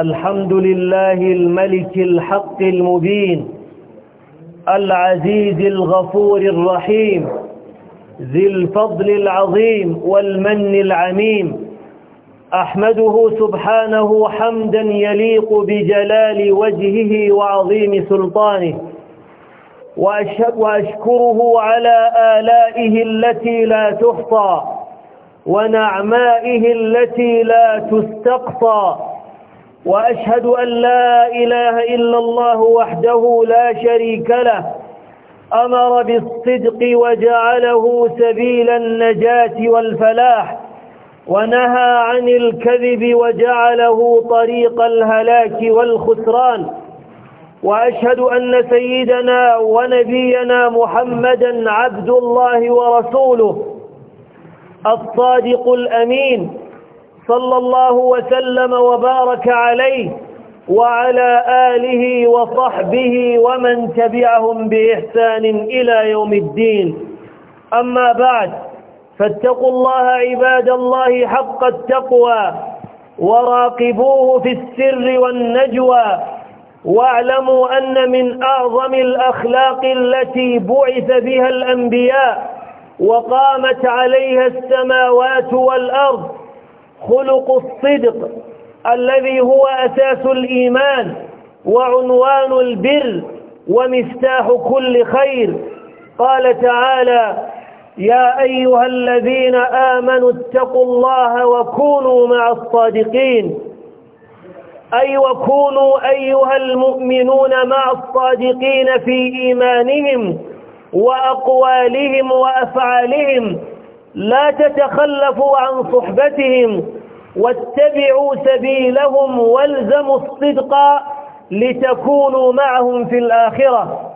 الحمد لله الملك الحق المبين العزيز الغفور الرحيم ذي الفضل العظيم والمن العميم أحمده سبحانه حمدا يليق بجلال وجهه وعظيم سلطانه وأشكره على آلائه التي لا تحصى ونعمائه التي لا تستقصى وأشهد أن لا إله إلا الله وحده لا شريك له أمر بالصدق وجعله سبيل النجاة والفلاح ونهى عن الكذب وجعله طريق الهلاك والخسران وأشهد أن سيدنا ونبينا محمدا عبد الله ورسوله الصادق الأمين صلى الله وسلم وبارك عليه وعلى آله وصحبه ومن تبعهم بإحسان إلى يوم الدين أما بعد فاتقوا الله عباد الله حق التقوى وراقبوه في السر والنجوى واعلموا أن من أعظم الأخلاق التي بعث بها الأنبياء وقامت عليها السماوات والأرض خلق الصدق الذي هو أساس الإيمان وعنوان البر ومفتاح كل خير قال تعالى يا أيها الذين آمنوا اتقوا الله وكونوا مع الصادقين أي وكونوا أيها المؤمنون مع الصادقين في إيمانهم وأقوالهم وأفعالهم لا تتخلفوا عن صحبتهم واتبعوا سبيلهم والزموا الصدق لتكونوا معهم في الآخرة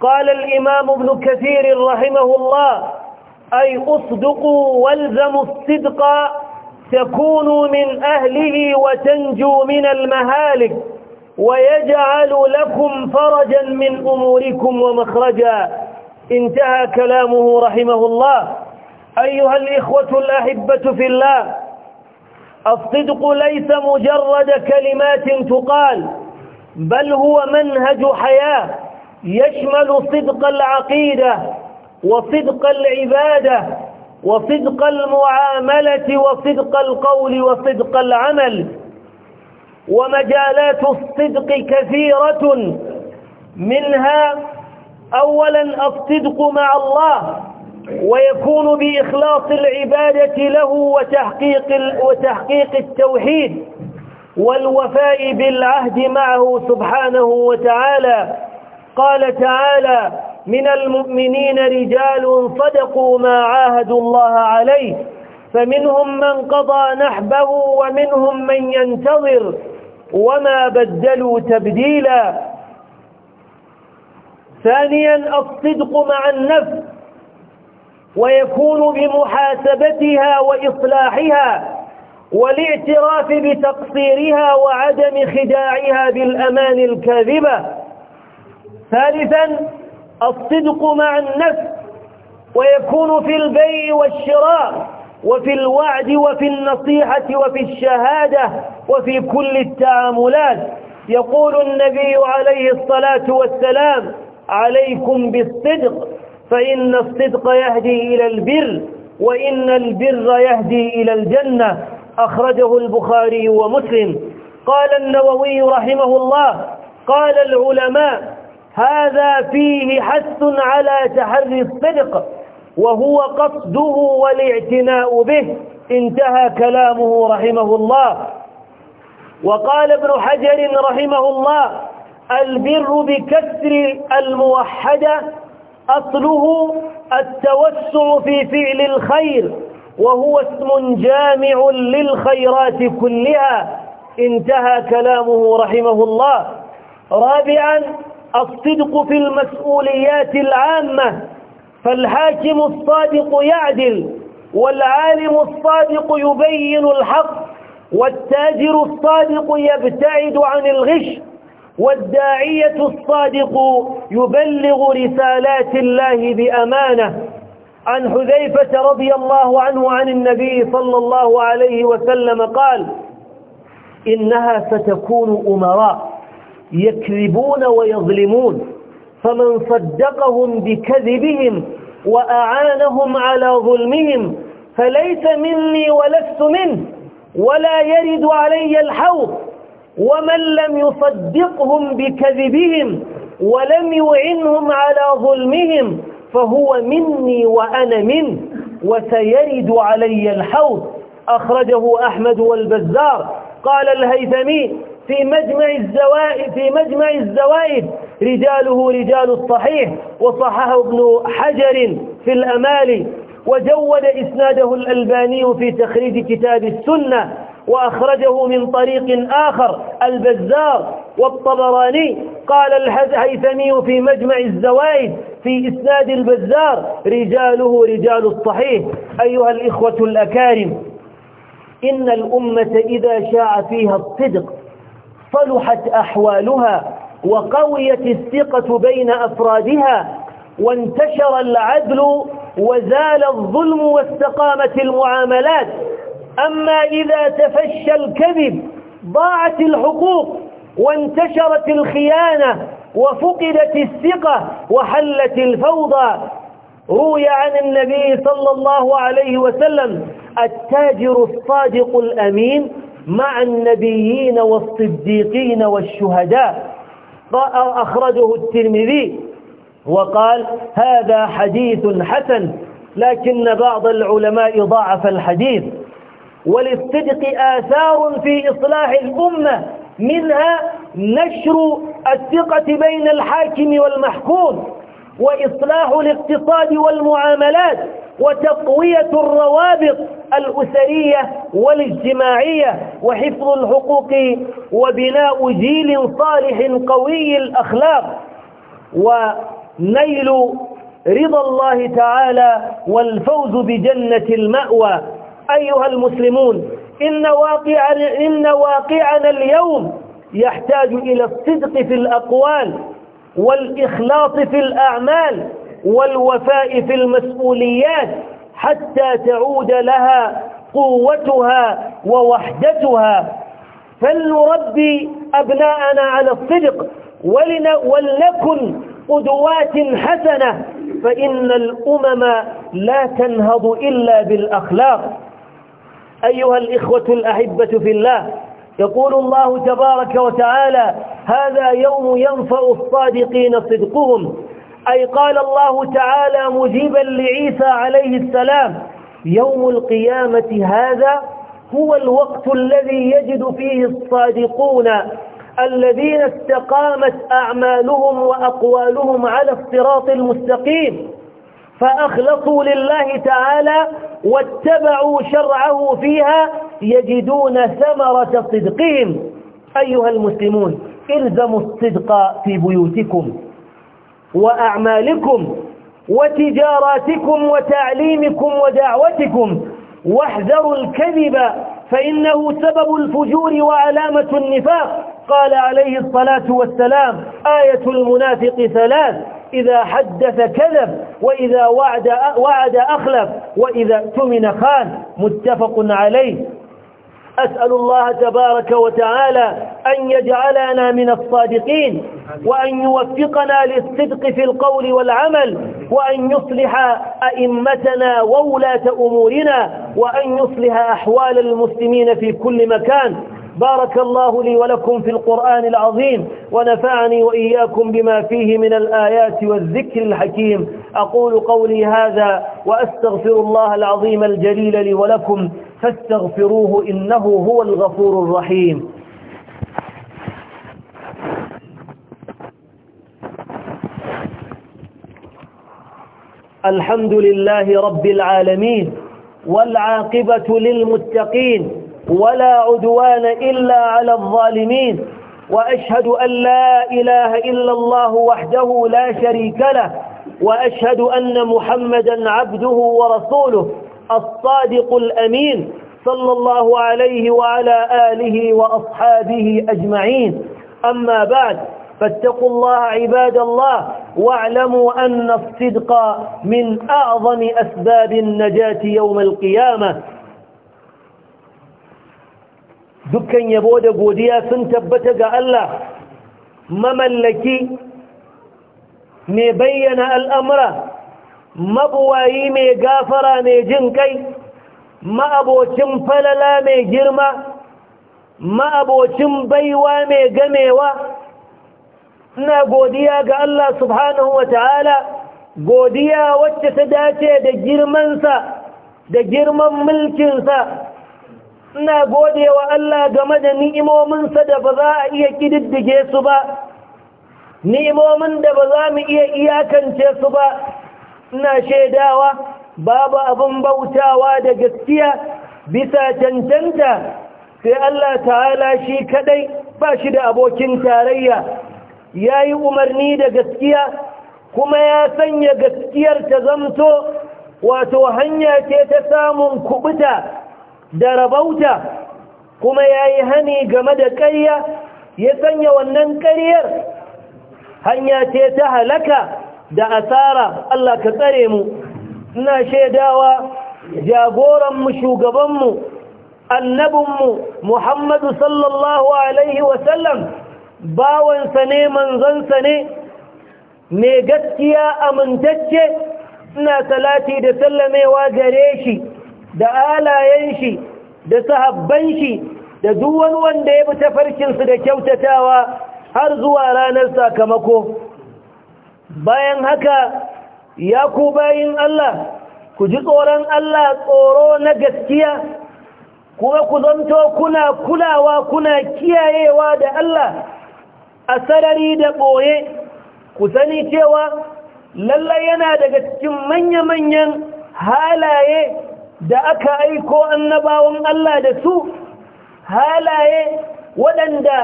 قال الإمام ابن كثير رحمه الله أي أصدقوا والزموا الصدق تكونوا من أهله وتنجوا من المهالك ويجعل لكم فرجا من أموركم ومخرجا انتهى كلامه رحمه الله أيها الإخوة الأحبة في الله الصدق ليس مجرد كلمات تقال بل هو منهج حياة يشمل صدق العقيدة وصدق العبادة وصدق المعاملة وصدق القول وصدق العمل ومجالات الصدق كثيرة منها أولا الصدق مع الله ويكون بإخلاص العبادة له وتحقيق, وتحقيق التوحيد والوفاء بالعهد معه سبحانه وتعالى قال تعالى من المؤمنين رجال صدقوا ما عاهدوا الله عليه فمنهم من قضى نحبه ومنهم من ينتظر وما بدلوا تبديلا ثانيا الصدق مع النفس ويكون بمحاسبتها وإصلاحها والاعتراف بتقصيرها وعدم خداعها بالأمان الكاذبة ثالثا الصدق مع النفس ويكون في البيع والشراء وفي الوعد وفي النصيحة وفي الشهادة وفي كل التعاملات يقول النبي عليه الصلاة والسلام عليكم بالصدق فإن الصدق يهدي إلى البر وإن البر يهدي إلى الجنة أخرجه البخاري ومسلم قال النووي رحمه الله قال العلماء هذا فيه حث على تحري الصدق وهو قصده والاعتناء به انتهى كلامه رحمه الله وقال ابن حجر رحمه الله البر بكسر الموحده أصله التوسع في فعل الخير وهو اسم جامع للخيرات كلها انتهى كلامه رحمه الله رابعا الصدق في المسؤوليات العامة فالحاكم الصادق يعدل والعالم الصادق يبين الحق والتاجر الصادق يبتعد عن الغش والداعية الصادق يبلغ رسالات الله بأمانة عن حذيفة رضي الله عنه عن النبي صلى الله عليه وسلم قال إنها ستكون أمراء يكذبون ويظلمون فمن صدقهم بكذبهم وأعانهم على ظلمهم فليس مني ولست منه ولا يرد علي الحوض ومن لم يصدقهم بكذبهم ولم يعنهم على ظلمهم فهو مني وأنا منه وسيرد علي الحوض أخرجه أحمد والبزار قال الهيثمي في مجمع الزوائد في مجمع الزوائد رجاله رجال الصحيح وصححه ابن حجر في الأمالي وجود إسناده الألباني في تخريج كتاب السنة وأخرجه من طريق آخر البزار والطبراني قال الهيثمي في مجمع الزوائد في إسناد البزار رجاله رجال الصحيح أيها الإخوة الأكارم إن الأمة إذا شاع فيها الصدق صلحت أحوالها وقويت الثقة بين أفرادها وانتشر العدل وزال الظلم واستقامت المعاملات أما إذا تفشى الكذب ضاعت الحقوق وانتشرت الخيانة وفقدت الثقة وحلت الفوضى روي عن النبي صلى الله عليه وسلم التاجر الصادق الأمين مع النبيين والصديقين والشهداء أخرجه الترمذي وقال هذا حديث حسن لكن بعض العلماء ضعف الحديث وللصدق آثار في إصلاح الأمة منها نشر الثقة بين الحاكم والمحكوم وإصلاح الاقتصاد والمعاملات وتقوية الروابط الأسرية والاجتماعية وحفظ الحقوق وبناء جيل صالح قوي الأخلاق ونيل رضا الله تعالى والفوز بجنة المأوى أيها المسلمون إن واقعنا, إن واقعنا اليوم يحتاج إلى الصدق في الأقوال والإخلاص في الأعمال والوفاء في المسؤوليات حتى تعود لها قوتها ووحدتها فلنربي أبناءنا على الصدق ولنكن قدوات حسنة فإن الأمم لا تنهض إلا بالأخلاق أيها الإخوة الأحبة في الله يقول الله تبارك وتعالى هذا يوم ينفع الصادقين صدقهم أي قال الله تعالى مجيبا لعيسى عليه السلام يوم القيامة هذا هو الوقت الذي يجد فيه الصادقون الذين استقامت أعمالهم وأقوالهم على الصراط المستقيم فأخلصوا لله تعالى واتبعوا شرعه فيها يجدون ثمرة صدقهم أيها المسلمون الزموا الصدق في بيوتكم وأعمالكم وتجاراتكم وتعليمكم ودعوتكم واحذروا الكذب فإنه سبب الفجور وعلامة النفاق قال عليه الصلاة والسلام آية المنافق ثلاث إذا حدث كذب وإذا وعد, وعد أخلف وإذا اؤتمن خان متفق عليه أسأل الله تبارك وتعالى أن يجعلنا من الصادقين وأن يوفقنا للصدق في القول والعمل وأن يصلح أئمتنا وولاة أمورنا وأن يصلح أحوال المسلمين في كل مكان بارك الله لي ولكم في القرآن العظيم ونفعني وإياكم بما فيه من الآيات والذكر الحكيم أقول قولي هذا وأستغفر الله العظيم الجليل لي ولكم فاستغفروه إنه هو الغفور الرحيم الحمد لله رب العالمين والعاقبة للمتقين ولا عدوان إلا على الظالمين وأشهد أن لا إله إلا الله وحده لا شريك له وأشهد أن محمدا عبده ورسوله الصادق الأمين صلى الله عليه وعلى آله وأصحابه أجمعين أما بعد فاتقوا الله عباد الله واعلموا أن الصدق من أعظم أسباب النجاة يوم القيامة dukkan yabo da godiya sun tabbata ga Allah mamallaki mai bayyana al'amura mabuwayi mai gafara mai jin kai ma'abocin falala mai girma ma'abocin baiwa mai gamewa ina godiya ga Allah subhanahu wa ta'ala godiya wacce ta dace da girmansa da girman mulkinsa ina gode wa Allah game da ni'imominsa da ba za a iya ƙididdige su ba ni'imomin da ba za mu iya iyakance su ba ina shaidawa babu abin bautawa da gaskiya bisa cancanta sai Allah ta'ala shi kadai ba shi da abokin tarayya ya yi umarni da gaskiya kuma ya sanya gaskiyar ta zamto wato hanya ce ta samun kubuta da rabauta kuma ya yi hani game da ƙarya ya sanya wannan ƙaryar hanya ce ta halaka da asara Allah ka tsare mu ina shaidawa jagoranmu shugabanmu annabinmu Muhammadu sallallahu Alaihi wasallam bawansa ne manzansa ne mai gaskiya amintacce ina salati da sallamewa gare shi da alayen shi da sahabban shi da duk wani wanda ya bi tafarkinsu da kyautatawa har zuwa ranar sakamako bayan haka ya ku bayin Allah ku ji tsoron Allah tsoro na gaskiya kuma ku zanto kuna kulawa kuna kiyayewa da Allah a sarari da ɓoye ku sani cewa lallai yana daga cikin manya-manyan halaye da aka aiko annabawan Allah da su halaye waɗanda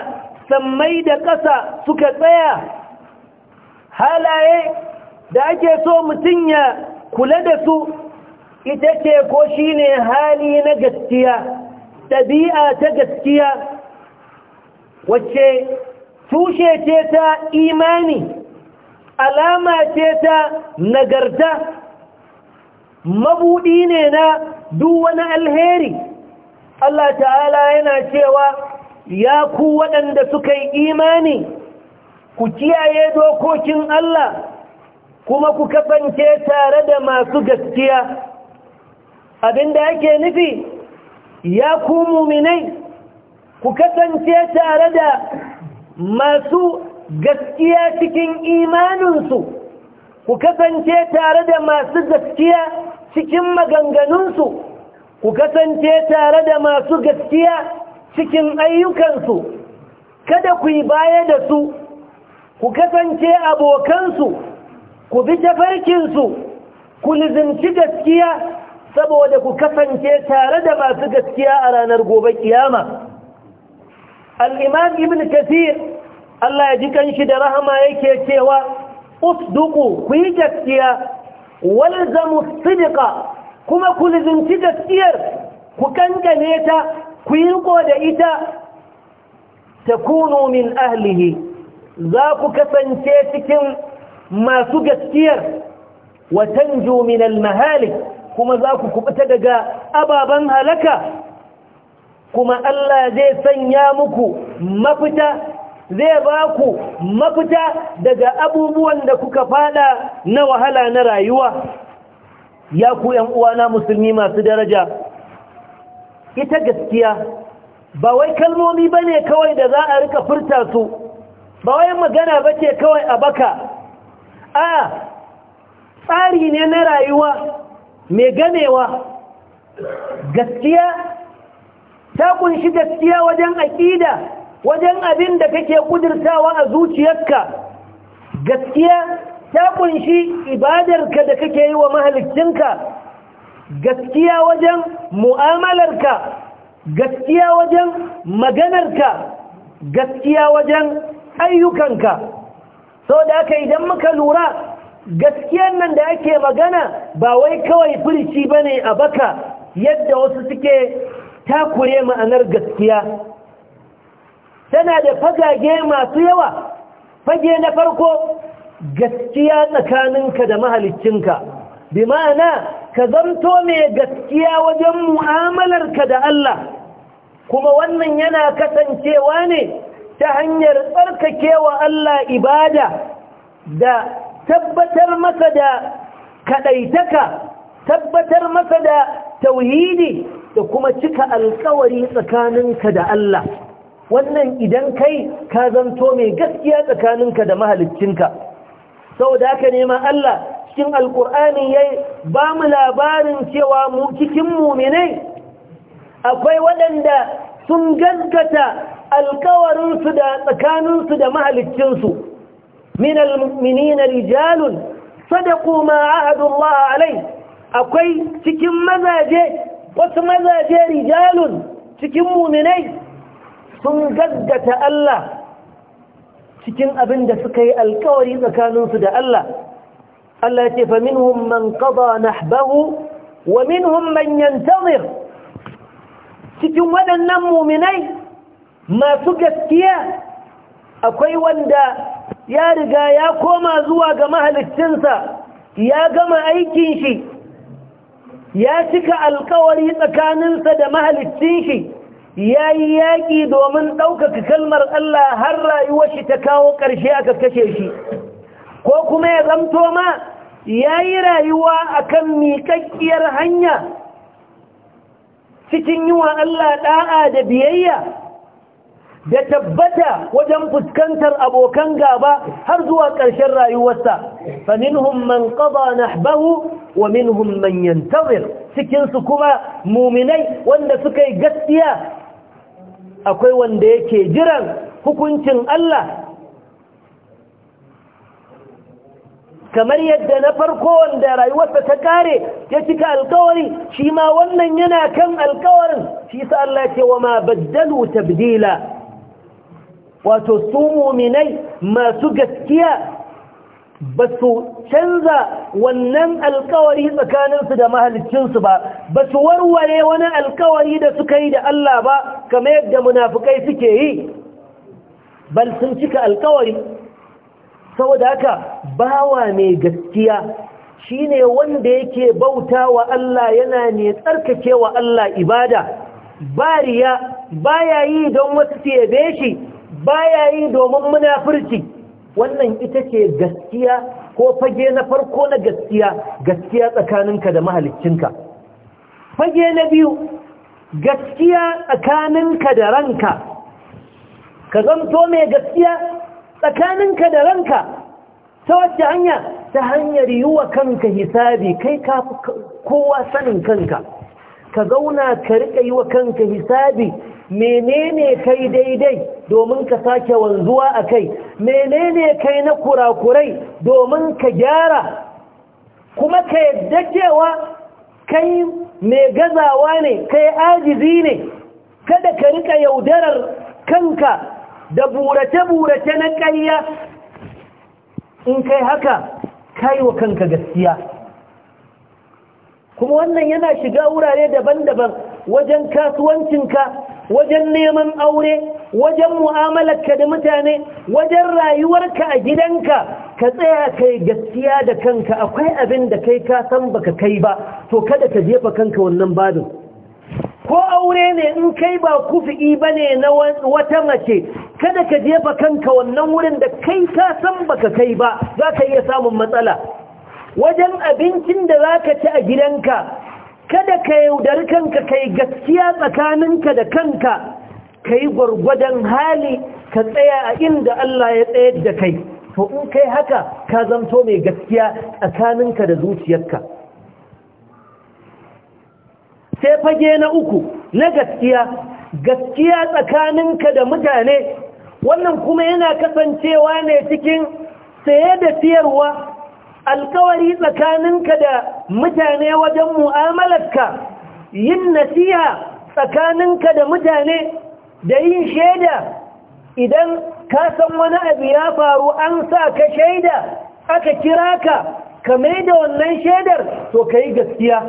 sammai da ƙasa suka tsaya halaye da ake so mutum ya kula da su ita ce ko shi ne hali na gaskiya ɗabi'a ta gaskiya wacce tushe ce ta imani alama ce ta nagarta mabuɗi ne na duk wani alheri Allah ta'ala yana cewa ya ku waɗanda suka yi imani ku kiyaye dokokin Allah kuma ku kasance tare da masu gaskiya Abin abinda ake nufi ya ku muminai ku kasance tare da masu gaskiya cikin imaninsu ku kasance tare da masu gaskiya cikin maganganunsu ku kasance tare da masu gaskiya cikin ayyukansu kada ku yi baya da su ku kasance abokansu ku bi tafarkinsu ku nizinci gaskiya saboda ku kasance tare da masu gaskiya a ranar gobe kiyama al'imam ibn kathir Allah ya ji kanshi da rahama yake cewa usduku ku yi gaskiya walzamu sidika kuma ku lizinci gaskiyar ku kankane ta ku yi riko da ita takunu min ahlihi za ku kasance cikin masu gaskiyar watan tanju min kuma za ku kubuta daga ababen halaka kuma Allah zai sanya muku mafita zai ba ku mafita daga abubuwan da kuka fada na wahala na rayuwa ya ku yan uwana musulmi masu daraja ita gaskiya ba wai kalmomi bane kawai da za a rika furta su ba wai magana bace kawai a baka a tsari ne na rayuwa mai ganewa gaskiya ta kunshi gaskiya wajen aƙida wajen abin da kake kudirtawa a zuciyarka gaskiya ta kunshi ibadarka da kake yi wa mahalicinka gaskiya wajen mu'amalarka gaskiya wajen maganarka gaskiya wajen ayyukanka sau da aka idan muka lura gaskiyar nan da ake magana ba wai kawai firci bane a baka yadda wasu suke takure ma'anar gaskiya tana da fagage masu yawa fage na farko gaskiya tsakaninka da mahaliccinka bi ma'ana ka zanto mai gaskiya wajen mu'amalarka da Allah kuma wannan yana kasancewa ne ta hanyar tsarkakewa Allah ibada da tabbatar masa da kadaitaka tabbatar masa da tauhidi da kuma cika alkawari tsakaninka da Allah wannan idan kai ka zanto mai gaskiya tsakaninka da mahaliccinka saboda haka ne ma Allah cikin alkur'ani ya ba mu labarin cewa mu cikin mu'minai akwai waɗanda sun gaskata alkawarinsu da tsakaninsu da mahaliccinsu min na rijalun sadaqu ma alai akwai cikin mazaje wasu mazaje rijalun cikin mu'minai sun gaggata Allah cikin abin da suka yi alkawari tsakaninsu da Allah Allah ya ce fa man qada nahbahu wa min man yantazir cikin waɗannan mu'minai masu gaskiya akwai wanda ya riga ya koma zuwa ga mahaliccinsa ya gama aikin shi ya cika alkawari tsakaninsa da mahaliccin shi ya yi yaƙi domin ɗaukaka kalmar Allah har rayuwar shi ta kawo ƙarshe aka kashe shi ko kuma ya zamto ma ya yi rayuwa a kan miƙaƙƙiyar hanya cikin yi wa Allah ɗa'a da biyayya da tabbata wajen fuskantar abokan gaba har zuwa ƙarshen rayuwarsa faminhum man qada nahbahu wa minhum man yantazir cikinsu kuma muminai wanda suka yi gaskiya akwai wanda yake jiran hukuncin Allah kamar yadda na farko wanda rayuwarsa ta kare ya cika alkawari shi ma wannan yana kan alkawarin shi sa Allah ce wa ma baddalu tabdila wato su muminai masu gaskiya ba su canza wannan alkawari tsakaninsu da mahalicinsu ba ba su warware wani alkawari da suka yi da Allah ba kamar yadda munafukai suke yi bal sun cika alkawari saboda haka bawa mai gaskiya shine wanda yake bauta wa Allah yana ne tsarkake wa Allah ibada bariya baya yi don wasu tebe shi baya yi domin munafurci wannan ita ce gaskiya ko fage na farko na gaskiya gaskiya tsakaninka da mahaliccinka fage na biyu gaskiya tsakaninka da ranka ka zanto mai gaskiya tsakaninka da ranka ta wacce hanya ta hanyar yi wa kanka hisabi kai ka kowa sanin kanka ka zauna ka riƙa yi wa kanka hisabi menene kai daidai domin ka sake wanzuwa a kai menene kai na kurakurai domin ka gyara kuma ka yadda cewa kai mai gazawa ne kai ajizi ne kada ka riƙa yaudarar kanka da burace-burace na ƙayya in kai haka kai wa kanka gaskiya kuma wannan yana shiga wurare daban-daban wajen kasuwancinka wajen neman aure wajen mu'amalarka da mutane wajen rayuwarka a gidanka ka tsaya kai gaskiya da kanka akwai abin da kai ka san baka kai ba to kada ka jefa kanka wannan babin ko aure ne in kai ba kufi bane ne na wata mace kada ka jefa kanka wannan wurin da kai ka san baka kai ba za ka iya samun matsala wajen abincin da za ka ci a gidanka kada ka yaudari kanka ka yi gaskiya tsakaninka da kanka ka yi gwargwadon hali ka tsaya a inda Allah ya tsayar da kai to in kai haka ka zanto mai gaskiya tsakaninka da zuciyarka sai fage na uku na gaskiya gaskiya tsakaninka da mutane wannan kuma yana kasancewa ne cikin saye da siyarwa alkawari tsakaninka da mutane wajen mu'amalarka yin nasiha tsakaninka da mutane da yin shaida idan ka san wani abu ya faru an sa ka shaida aka kira ka ka mai da wannan shaidar to ka yi gaskiya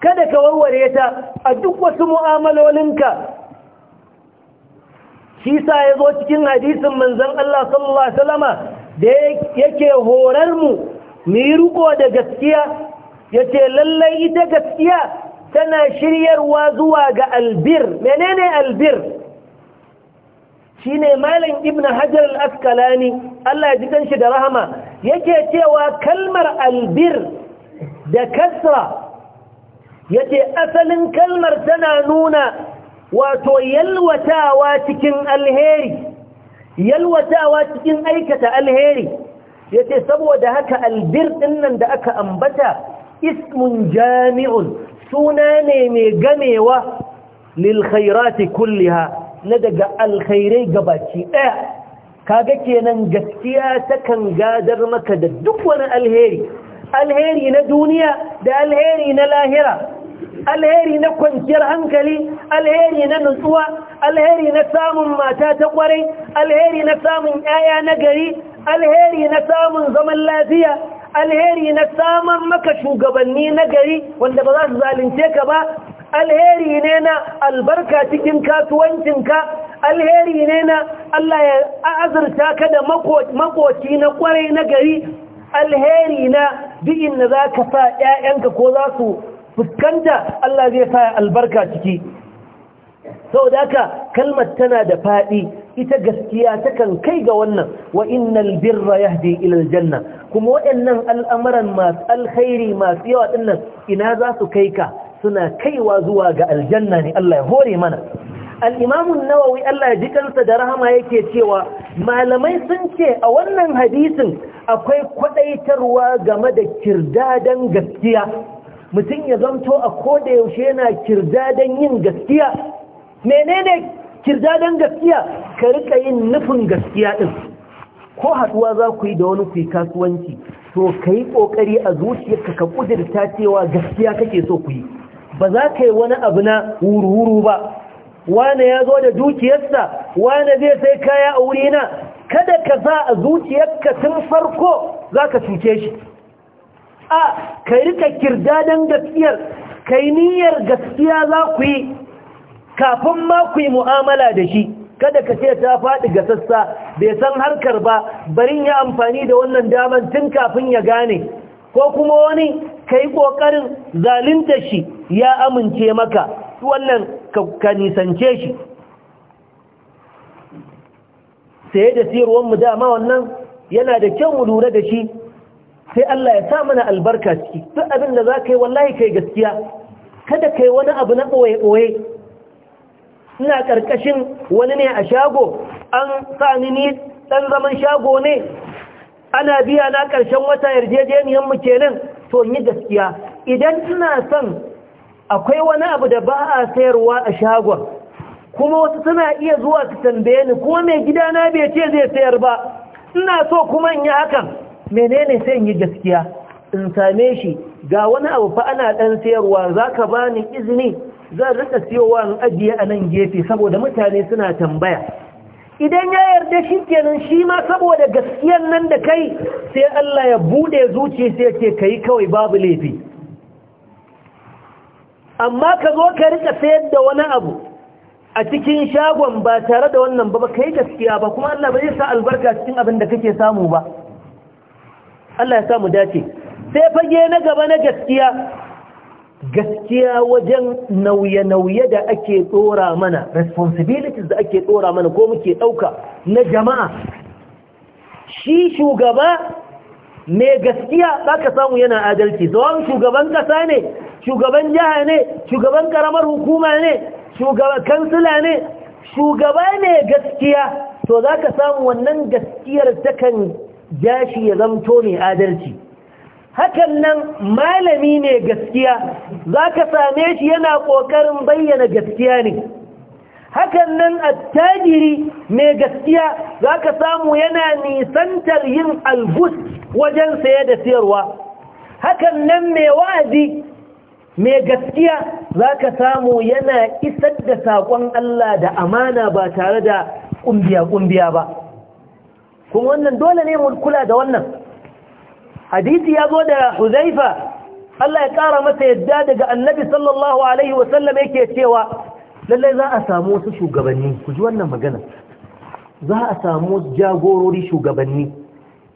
kada ka warware ta a duk wasu mu'amalolinka shi sa ya zo cikin hadisin manzan Allah sallallahu Alaihi wasallama da yake horar mu mu yi riko da gaskiya ya ce lallai ita gaskiya tana shiryarwa zuwa ga albir menene albir shine malam ibn hajar al-askalani Allah ya ji kanshi da rahama yake cewa kalmar albir da kasra yace asalin kalmar tana nuna wato yalwatawa cikin alheri yalwatawa cikin aikata alheri yace saboda haka albir dinnan da aka ambata ismun jami'un suna ne mai gamewa lil kulliha na daga alkhairai gabaci daya kaga kenan gaskiya takan gadar maka da duk wani alheri alheri na duniya da alheri na lahira alheri na kwanciyar hankali alheri na nutsuwa alheri na samun mata ta kwarai alheri na samun yaya na gari alheri na samun zaman lafiya alheri na samun maka shugabanni na gari wanda ba za su zalunce ka ba alheri ne na albarka cikin kasuwancinka alheri ne na Allah ya azurta ka da makoci na kwarai na gari alheri na duk da za ka sa 'ya'yanka ko za su fuskanta Allah zai sa albarka ciki sau da haka kalmar tana da faɗi ita gaskiya takan kai ga wannan wa innal birra yahdi ila aljanna kuma waɗannan al'amuran masu alkhairi masu yawa dinnan ina za su kai ka suna kaiwa zuwa ga aljanna ne Allah ya hore mana al nawa an-Nawawi Allah ya ji kansa da rahama yake cewa malamai sun ce a wannan hadisin akwai kwadaitarwa game da kirdadan gaskiya mutum ya zanto a koda yaushe yana kirdadan yin gaskiya menene kirdadan gaskiya ka rika yin nufin gaskiya ɗin ko haɗuwa za ku yi da wani ku yi kasuwanci to ka yi kokari a zuciyarka ka kudirta cewa gaskiya kake so ku yi ba za ka yi wani abu na wuru-wuru ba wane ya zo da dukiyarsa wane zai sai kaya a na kada ka za a zuciyarka tun farko za ka cuce shi a ka rika kirdadan gaskiyar kai niyyar gaskiya za ku yi kafin ma ku yi mu'amala da shi kada ka ce ta faɗi ga sassa bai san harkar ba barin ya amfani da wannan daman tun kafin ya gane ko kuma wani ka yi ƙoƙarin zalinta shi ya amince maka wannan ka nisance shi sai da siyarwanmu dama wannan yana da kyau mu lura da shi sai Allah ya sa mana albarka ciki duk abin da za ka yi wallahi kai gaskiya kada kai wani abu na ɓoye-ɓoye ina karkashin wani ne a shago an sani ni dan zaman shago ne ana biya na karshen wata yarjejeniyar mu kenan to yi gaskiya idan ina son akwai wani abu da ba a sayarwa a shagon kuma wasu suna iya zuwa su tambaye ni kuma mai gida na bai ce zai sayar ba ina so kuma in yi hakan menene sai in yi gaskiya in same shi ga wani abu fa ana dan sayarwa zaka bani izini zan rika siyowa in ajiye a nan gefe saboda mutane suna tambaya idan ya yarda shi kenan shi ma saboda gaskiyan nan da kai sai Allah ya bude zuci sai ce yi kawai babu laifi amma ka zo ka rika sayar da wani abu a cikin shagon ba tare da wannan ba ka yi gaskiya ba kuma Allah ba zai sa albarka cikin abin da kake samu ba Allah ya samu dace sai fage na gaba na gaskiya gaskiya wajen nauye-nauye da ake tsora mana responsibilities da ake tsora mana ko muke ɗauka na jama'a shi shugaba mai gaskiya za ka samu yana adalci zawon shugaban ƙasa ne shugaban jiha ne shugaban ƙaramar hukuma ne shugaban kansila ne shugaba ne gaskiya to za ka samu wannan gaskiyar takan jashi ya zamto mai adalci hakan nan malami ne gaskiya za ka same shi yana ƙoƙarin bayyana gaskiya ne hakan nan attajiri mai gaskiya za ka samu yana nisantar yin albus wajen saye da siyarwa hakan nan mai wa'azi mai gaskiya za ka samu yana isar da saƙon Allah da amana ba tare da ƙumbiya-ƙumbiya ba kuma wannan dole ne mu kula da wannan hadisi ya zo da huzaifa Allah ya ƙara masa yadda daga annabi sallallahu alaihi wasallam yake cewa lallai za a samu wasu shugabanni ku ji wannan magana za a samu jagorori shugabanni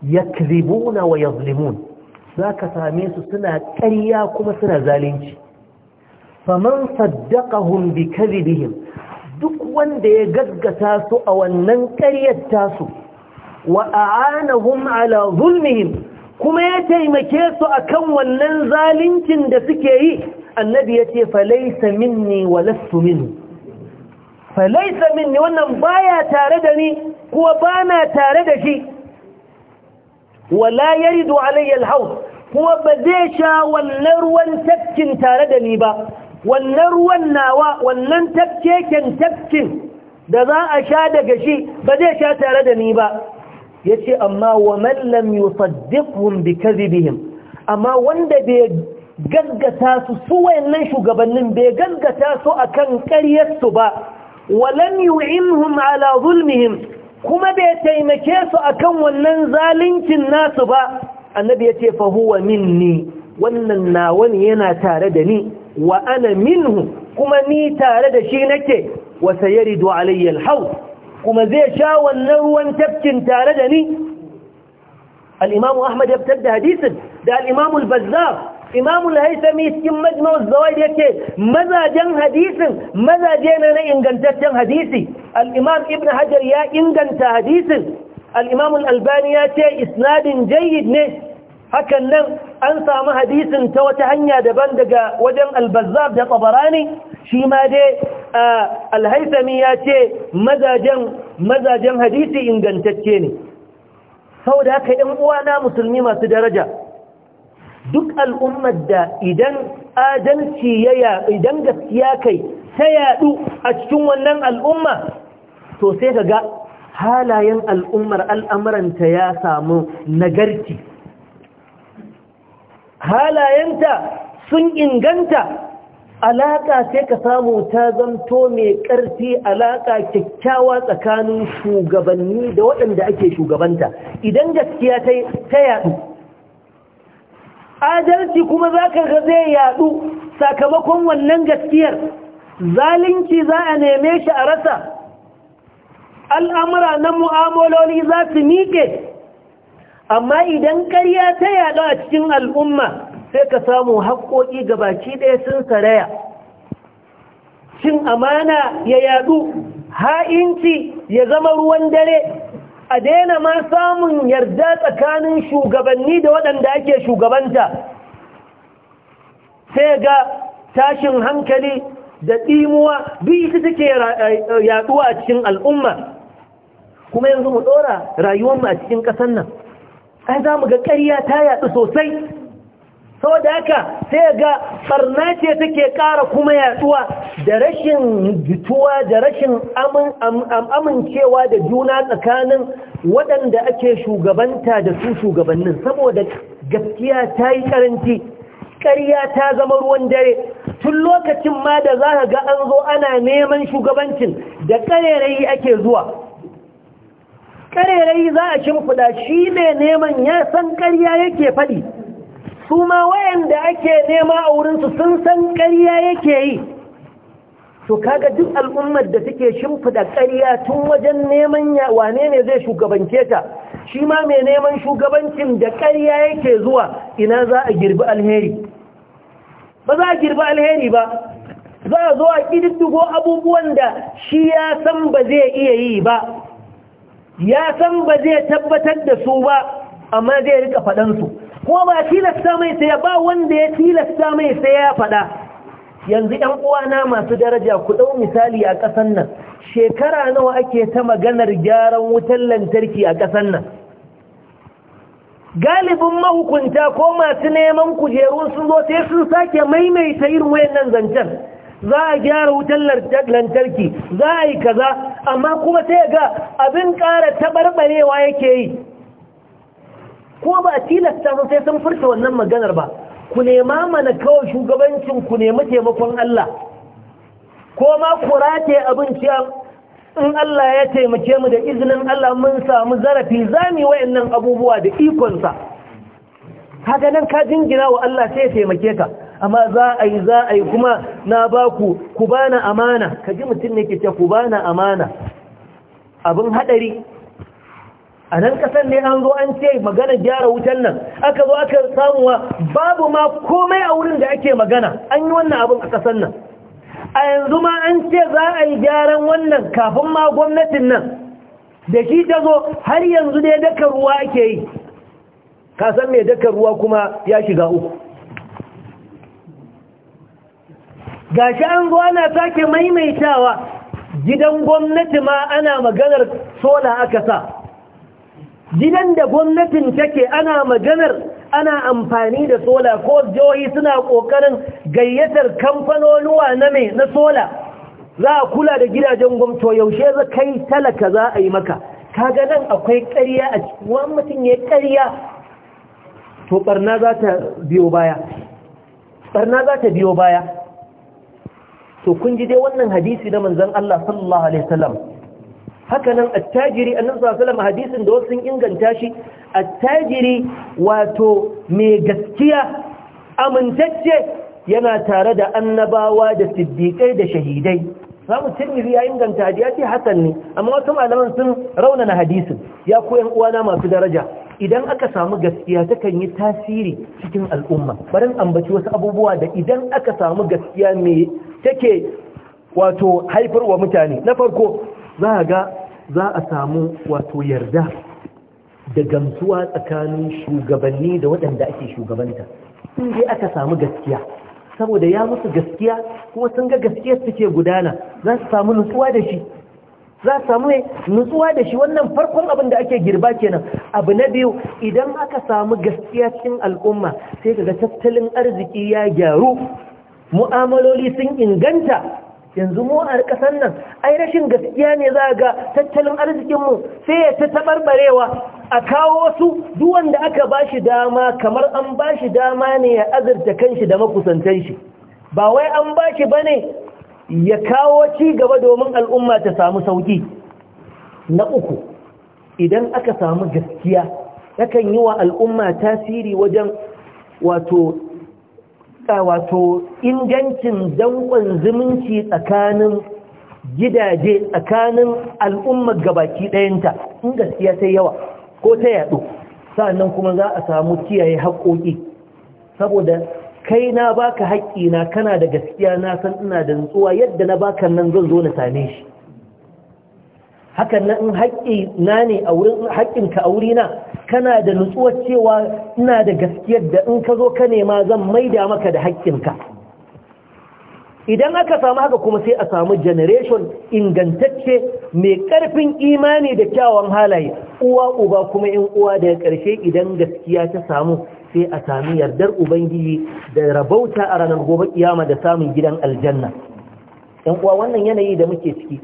ya wa yazlimun za ka same su suna ƙarya kuma suna zalunci faman saddaqahum bi kadhibihim duk wanda ya gaggata su a wannan ƙaryar tasu wa a'anahum ala zulmihim kuma ya taimake su akan wannan zalincin da suke yi annabi ya ce falaisa minni wa lastu minhu falaisa minni wannan baya tare da ni kuwa bana tare da shi wala ya ridu alayya alhaus kuma ba zai sha wannan ruwan tafkin tare da ni ba wannan ruwan nawa wannan tafkeken tafkin da za a sha daga shi ba zai sha tare da ni ba yace amma wa man lam bi bikadhibihim amma wanda bai gaggata su su wayannan shugabannin bai gaggata su akan ƙaryar su ba walam yu'imhum ala zulmihim kuma bai taimake su akan wannan zalincin nasu ba annabi yace fa huwa minni wannan nawa ne yana tare da ni wa ana minhu kuma ni tare da shi nake wa sayaridu alayya al kuma zai sha wannan ruwan tafkin tare da ni al ahmad ya fitar da hadisin da al-imamu al-bazzar imamu al-haythami cikin majma' az yake mazajen hadisin mazaje na ingantaccen hadisi al ibn hajar ya inganta hadisin al al-albani ya ce isnadin jayyid ne hakan nan an samu hadisin ta wata hanya daban daga wajen albazab da tsabarani shi ma dai alhaisami ya ce mazajen hadisi ingantacce ne sau da haka ‘yan uwana musulmi masu daraja duk al'ummar da idan adalci ya idan gaskiya kai ta yadu a cikin wannan al'umma to sai ka ga halayen al'ummar al'amuranta ya samu nagarci halayenta sun inganta alaƙa sai ka samu ta zanto mai ƙarfi alaƙa kyakkyawa tsakanin shugabanni da waɗanda ake shugabanta idan gaskiya ta yaɗu adalci kuma za ka ga zai yaɗu sakamakon wannan gaskiyar zalunci za a neme shi a rasa al'amura na mu'amaloli za su miƙe amma idan ƙarya ta yaɗu a cikin al'umma sai ka samu haƙoƙi gabaci ɗaya sun saraya cin amana ya yaɗu ha'inci ya zama ruwan dare a daina ma samun yarda tsakanin shugabanni da waɗanda ake shugabanta sai ga tashin hankali da ɗimuwa biyu su suke yaɗuwa a cikin al'umma kuma yanzu mu ɗora rayuwarmu a cikin ƙasar nan an za mu ga ƙarya ta yaɗu sosai sau da haka sai ga farna ce take ƙara kuma yaɗuwa da rashin jituwa da rashin amincewa da juna tsakanin waɗanda ake shugabanta da su shugabannin saboda gaskiya ta yi ƙaranci ƙarya ta zama ruwan dare tun lokacin ma da za ga an zo ana neman shugabancin da ƙarairayi ake zuwa karerai za a shimfiɗa shi ne neman ya san ƙarya yake faɗi su ma wayanda ake nema a wurinsu sun san ƙarya yake yi to kaga duk al'ummar da suke shimfiɗa ƙarya tun wajen neman ya wane ne zai shugabance ta shi ma mai neman shugabancin da ƙarya yake zuwa ina za a girbi alheri ba za a girbi alheri ba za a zo a ƙididdigo abubuwan da shi ya san ba zai iya yi ba ya san ba zai tabbatar da su ba amma zai rika faɗansu ko ba tilasta mai sai ba wanda ya tilasta mai sai ya faɗa yanzu ‘yan uwana masu daraja ku ɗau misali a ƙasan nan shekara nawa ake ta maganar gyaran wutar lantarki a ƙasan nan galibin mahukunta ko masu neman kujerun sun zo sai sun sake maimaita irin wayannan zancen za a gyara wutar lantarki za a yi kaza amma kuma sai ga abin ƙara taɓarɓarewa yake yi ko ba a tilasta sun sai sun furta wannan maganar ba ku nema mana kawai shugabancin ku nemi taimakon Allah ko ma ku rataye abin in Allah ya taimake mu da izinin Allah mun samu zarafi zami wayannan abubuwa da ikonsa haka nan ka jingina wa Allah sai ya taimake ka amma za a yi za a yi kuma na ba ku ku na amana ka ji mutum ne ke ce ku na amana abin haɗari a nan ƙasar ne an zo an ce magana gyara wutan nan aka zo aka samuwa babu ma komai a wurin da ake magana an yi wannan abin a ƙasar nan a yanzu ma an ce za a yi gyaran wannan kafin ma gwamnatin nan da shi ta zo har yanzu ne daka ruwa ake yi kasan mai daka ruwa kuma ya shiga uku Ga shi an zo ana sake maimaitawa gidan gwamnati ma ana maganar sola aka sa gidan da gwamnatin take ana maganar ana amfani da sola ko jihohi suna kokarin gayyatar kamfanonuwa na mai na sola za a kula da gidajen gwamto yaushe za kai talaka za a yi maka kaga nan akwai ƙarya a cikin mutum ya ƙarya to barna za ta biyo baya barna za ta biyo baya to kun ji dai wannan hadisi na manzon Allah sallallahu alaihi wasallam haka nan attajiri annabi sallallahu alaihi wasallam hadisin da wasu inganta shi attajiri wato mai gaskiya amintacce yana tare da annabawa da siddiqai da shahidai samu tirmidhi ya inganta hadisi hasan ne amma wasu malaman sun raunana hadisin ya koyan uwana masu daraja idan aka samu gaskiya takan yi tasiri cikin al'umma barin ambaci wasu abubuwa da idan aka samu gaskiya mai take wato haifarwa mutane na farko za a ga za a samu wato yarda da gamsuwa tsakanin shugabanni da waɗanda ake shugabanta Inda aka samu gaskiya saboda ya musu gaskiya kuma sun ga gaskiya suke gudana za su samu nutsuwa da shi za su samu nutsuwa da shi wannan farkon abin da ake girba kenan abu na biyu idan aka samu gaskiya cikin al'umma sai ga tattalin arziki ya gyaru mu'amaloli sun inganta yanzu mu a ƙasar nan ai rashin gaskiya ne za ga tattalin arzikinmu sai ya ta taɓarɓarewa a kawo wasu duwanda aka ba shi dama kamar an ba shi dama ne ya azurta kanshi da makusantar shi ba wai an ba shi ba ne ya kawo ci gaba domin al'umma ta samu sauƙi na uku idan aka samu gaskiya yakan yi wa al'umma tasiri wajen wato wato ingancin danƙon zumunci tsakanin gidaje tsakanin al'ummar gabaki ɗayanta in gaskiya sai yawa ko ta yaɗo sa'annan kuma za a samu kiyaye haƙoƙi saboda kai na baka haƙƙi na kana da gaskiya na san ina da nutsuwa yadda na baka nan zan zo na same shi hakan na in haƙƙi na ne a wurin haƙƙinka a wurina kana da nutsuwar cewa ina da gaskiyar da in ka zo ka nema zan maida maka da haƙƙinka idan aka samu haka kuma sai a samu generation ingantacce mai ƙarfin imani da kyawun halaye uwa uba kuma in uwa daga ƙarshe idan gaskiya ta samu sai a sami yardar ubangiji da rabauta a ranar gobe kiyama da samun gidan aljanna yan uwa wannan yanayi da muke ciki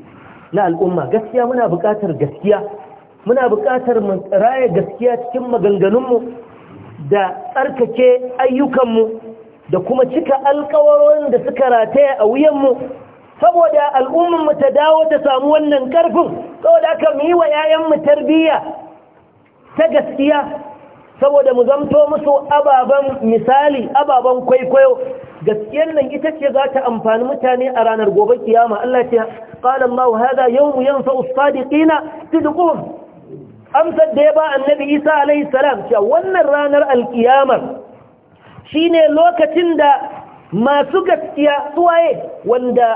na al'umma gaskiya muna buƙatar gaskiya muna buƙatar mu raya gaskiya cikin maganganunmu da tsarkake ayyukanmu da kuma cika alkawarorin da suka rataya a wuyanmu saboda al'ummanmu ta dawo ta samu wannan ƙarfin saboda aka mu yi wa 'ya'yanmu tarbiyya ta gaskiya saboda mu zamto musu ababen misali ababen kwaikwayo gaskiyar nan ita ce za ta amfani mutane a ranar gobe kiyama Allah ce qala Allah hada yawmu yanfa'u as-sadiqina amsar da ya ba annabi isa alaihi salam cewa wannan ranar alkiyamar shine lokacin da masu gaskiya suwaye wanda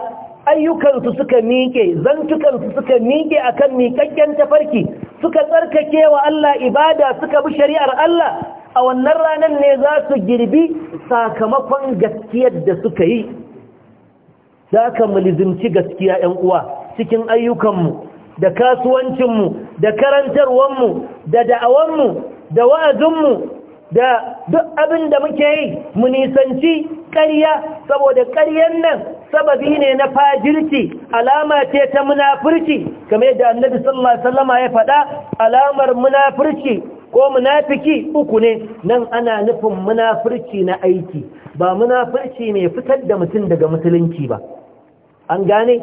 ayyukansu suka miƙe zantukansu suka miƙe a kan miƙaƙƙen tafarki suka tsarkake wa Allah ibada suka bi shari'ar Allah a wannan ranar ne za su girbi sakamakon gaskiyar da suka yi za ka mulzimci gaskiya 'yan uwa cikin ayyukanmu da kasuwancinmu da karantarwanmu da mu da wa'azinmu da duk abin da muke yi mu nisanci ƙarya saboda karyan nan sababi ne na fajirci alama ce ta munafurci kamar yadda annabi sallallahu alaihi wasallama ya faɗa alamar munafurci ko munafiki uku ne nan ana nufin munafurci na aiki ba munafurci mai fitar da mutum daga musulunci ba an gane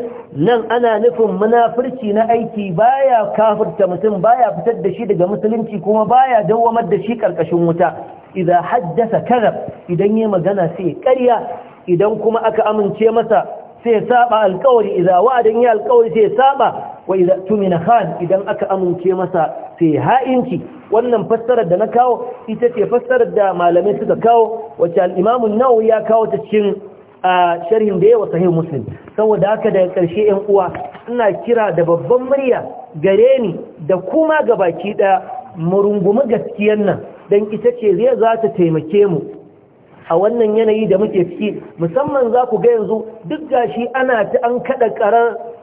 nan ana nufin munafurci na aiki baya kafirta mutum baya fitar da shi daga musulunci kuma baya dawwamar da shi karkashin wuta idza haddasa kadhab idan yayi magana sai ƙarya idan kuma aka amince masa sai saba alƙawari idza wa'adan ya alƙawari sai saba wa idza tumina khan idan aka amince masa sai ha'inci wannan fassarar da na kawo ita ce fassarar da malamai suka kawo wacce al-Imam nawawi ya kawo ta cikin a sharhin da yawa sahihu muslim saboda haka daga karshe yan uwa ina kira da babban murya gare ni da kuma ga baki da murungumi gaskiyar nan dan ita ce zai za ta taimake mu a wannan yanayi da muke ciki musamman za ku ga yanzu duk gashi ana ta an kada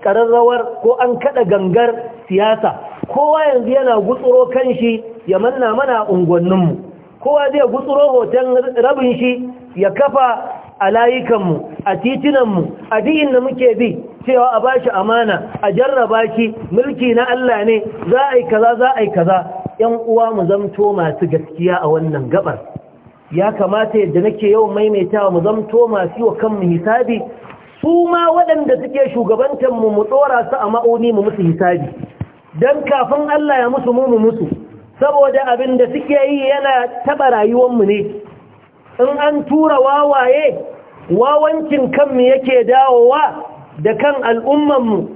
kararrawar ko an kada gangar siyasa kowa yanzu yana gutsuro kanshi ya manna mana unguwanninmu kowa zai gutsuro hoton rabin shi ya kafa a layukanmu a titinanmu a diin da muke bi cewa a bashi amana a jarraba shi mulki na Allah ne za a yi kaza za a yi kaza yan uwa mu zamto masu gaskiya a wannan gabar ya kamata yadda nake yawan maimaitawa mu zamto masu yi wa kanmu hisabi su ma waɗanda suke shugabantanmu mu tsora su a ma'auni mu musu hisabi don kafin Allah ya musu mu musu saboda abin da suke yi yana taɓa rayuwanmu ne in an tura wawaye wawancin kanmu yake dawowa da kan al'ummanmu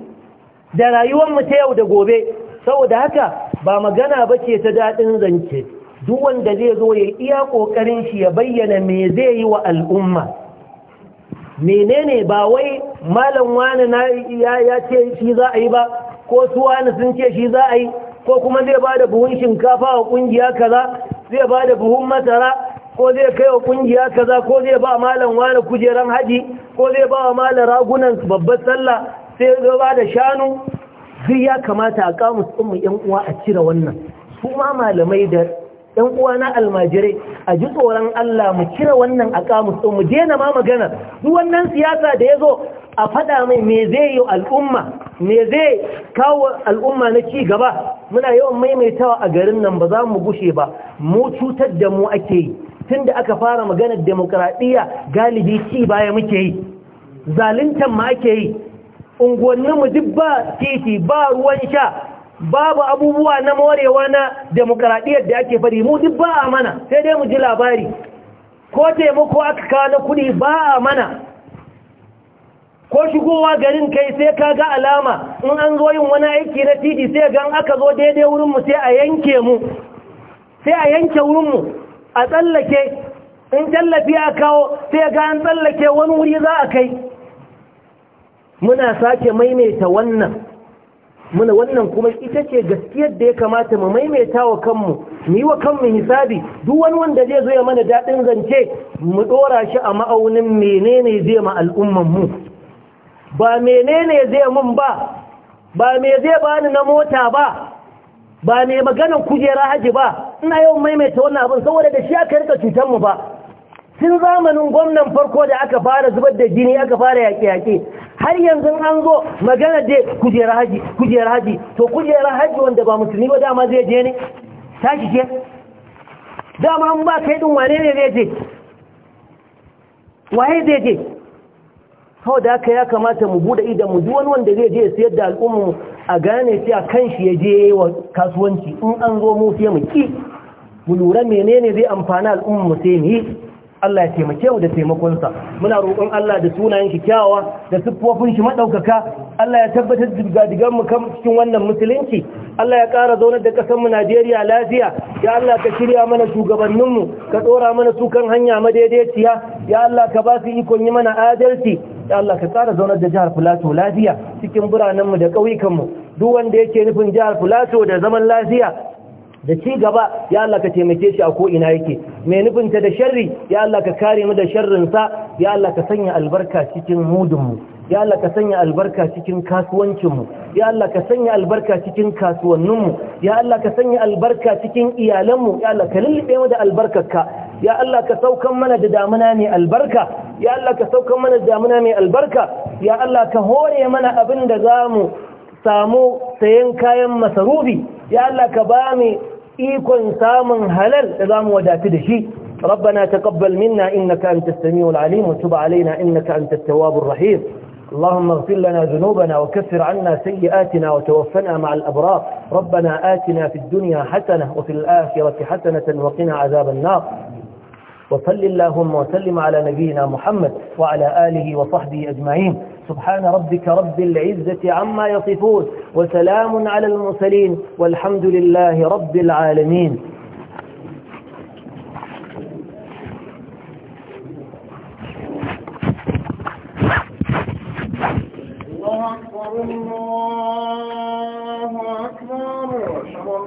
da rayuwar mu ta yau da gobe saboda haka ba magana ba ce ta daɗin zance duk wanda zai zo ya iya ƙoƙarin shi ya bayyana me zai yi wa al'umma menene ba wai malam wani ya ce shi za a yi ba ko su wani sun ce shi za a yi ko kuma zai ba da buhun shinkafa wa ƙungiya kaza zai ba da buhun masara ko zai kai wa kungiya kaza ko zai ba malam wani kujeran haji ko zai ba wa malam ragunan babbar sallah sai ya ba da shanu zai ya kamata a kamus mu ƴan uwa a cire wannan su ma malamai da yan uwa na almajirai a ji tsoron Allah mu cire wannan a kamus mu daina ma magana duk wannan siyasa da ya zo a faɗa mai me zai yi al'umma me zai kawo al'umma na ci gaba muna yawan maimaitawa a garin nan ba za mu gushe ba mu cutar da mu ake yi tun da aka fara maganar demokradiyya galibi ci baya muke yi Zalintan ma ake yi unguwanninmu duk ba titi ba ruwan sha babu abubuwa na morewa na demokradiyyar da ake fari mu duk ba a mana sai dai mu ji labari ko taimako aka kawo na kuɗi ba a mana ko shigowa garin kai sai ka ga alama in an zo yin wani aiki na titi sai gan aka zo daidai wurinmu sai a yanke mu sai a yanke wurinmu a tsallake in tallafi a kawo sai ga an tsallake wani wuri za a kai muna sake maimaita wannan muna wannan kuma ita ce gaskiyar da ya kamata mu maimaita wa kanmu mu yi wa kanmu hisabi duk wani wanda zai zo ya mana daɗin zance mu ɗora shi a ma'aunin menene zai ma al'umman mu ba menene zai mun ba ba me zai bani na mota ba ba ne maganar kujera haji ba ina yawan maimaita wannan abin saboda da shi aka rika cutar mu ba sun zamanin gwamnan farko da aka fara zubar da jini aka fara yaƙe-yaƙe har yanzu an zo magana da kujera haji kujera haji to kujera haji wanda ba musulmi ba dama zai je ne tashi ce dama an ba kai din wane ne zai je waye zai je sau da haka ya kamata mu buɗe idan mu wani wanda zai je sayar da al'ummu a gane a kan shi ya je wa kasuwanci in an zo mu sai mu ki mu lura menene zai amfana al'ummu mu sai ni Allah ya taimake mu da taimakonsa muna roƙon Allah da sunayen shi kyawawa da siffofin shi madaukaka Allah ya tabbatar da gadigan mu kan cikin wannan musulunci Allah ya ƙara zaunar da ƙasar mu Najeriya lafiya ya Allah ka shirya mana shugabannin mu ka dora mana su kan hanya madaidaiciya ya Allah ka ba su ikon yi mana adalci ya Allah ka ƙara zaunar da jihar Filato lafiya cikin biranenmu da ƙauyukanmu duk wanda yake nufin jihar Filato da zaman lafiya da ci gaba ya Allah ka taimake shi a ko'ina yake mai nufinta da sharri ya Allah ka kare mu da sharrinsa ya Allah ka sanya albarka cikin mudunmu ya Allah ka sanya albarka cikin kasuwancinmu ya Allah ka sanya albarka cikin kasuwanninmu ya Allah ka sanya albarka cikin iyalanmu ya Allah ka lullube mu da albarkarka ya Allah ka saukan mana da damuna ne albarka ya Allah ka sauka mana damuna mai albarka ya Allah ka hore mana abin da za mu samu sayan kayan masarufi ya Allah ka ba mu ikon samun halal da za mu wadatu da shi ربنا تقبل منا إنك أنت السميع العليم وتب علينا إنك أنت التواب الرحيم اللهم اغفر لنا ذنوبنا وكفر عنا سيئاتنا وتوفنا مع الأبرار ربنا آتنا في الدنيا حسنة وفي الآخرة حسنة وقنا عذاب النار وصل اللهم وسلم على نبينا محمد وعلى آله وصحبه أجمعين سبحان ربك رب العزة عما يصفون وسلام على المرسلين والحمد لله رب العالمين الله أكبر الله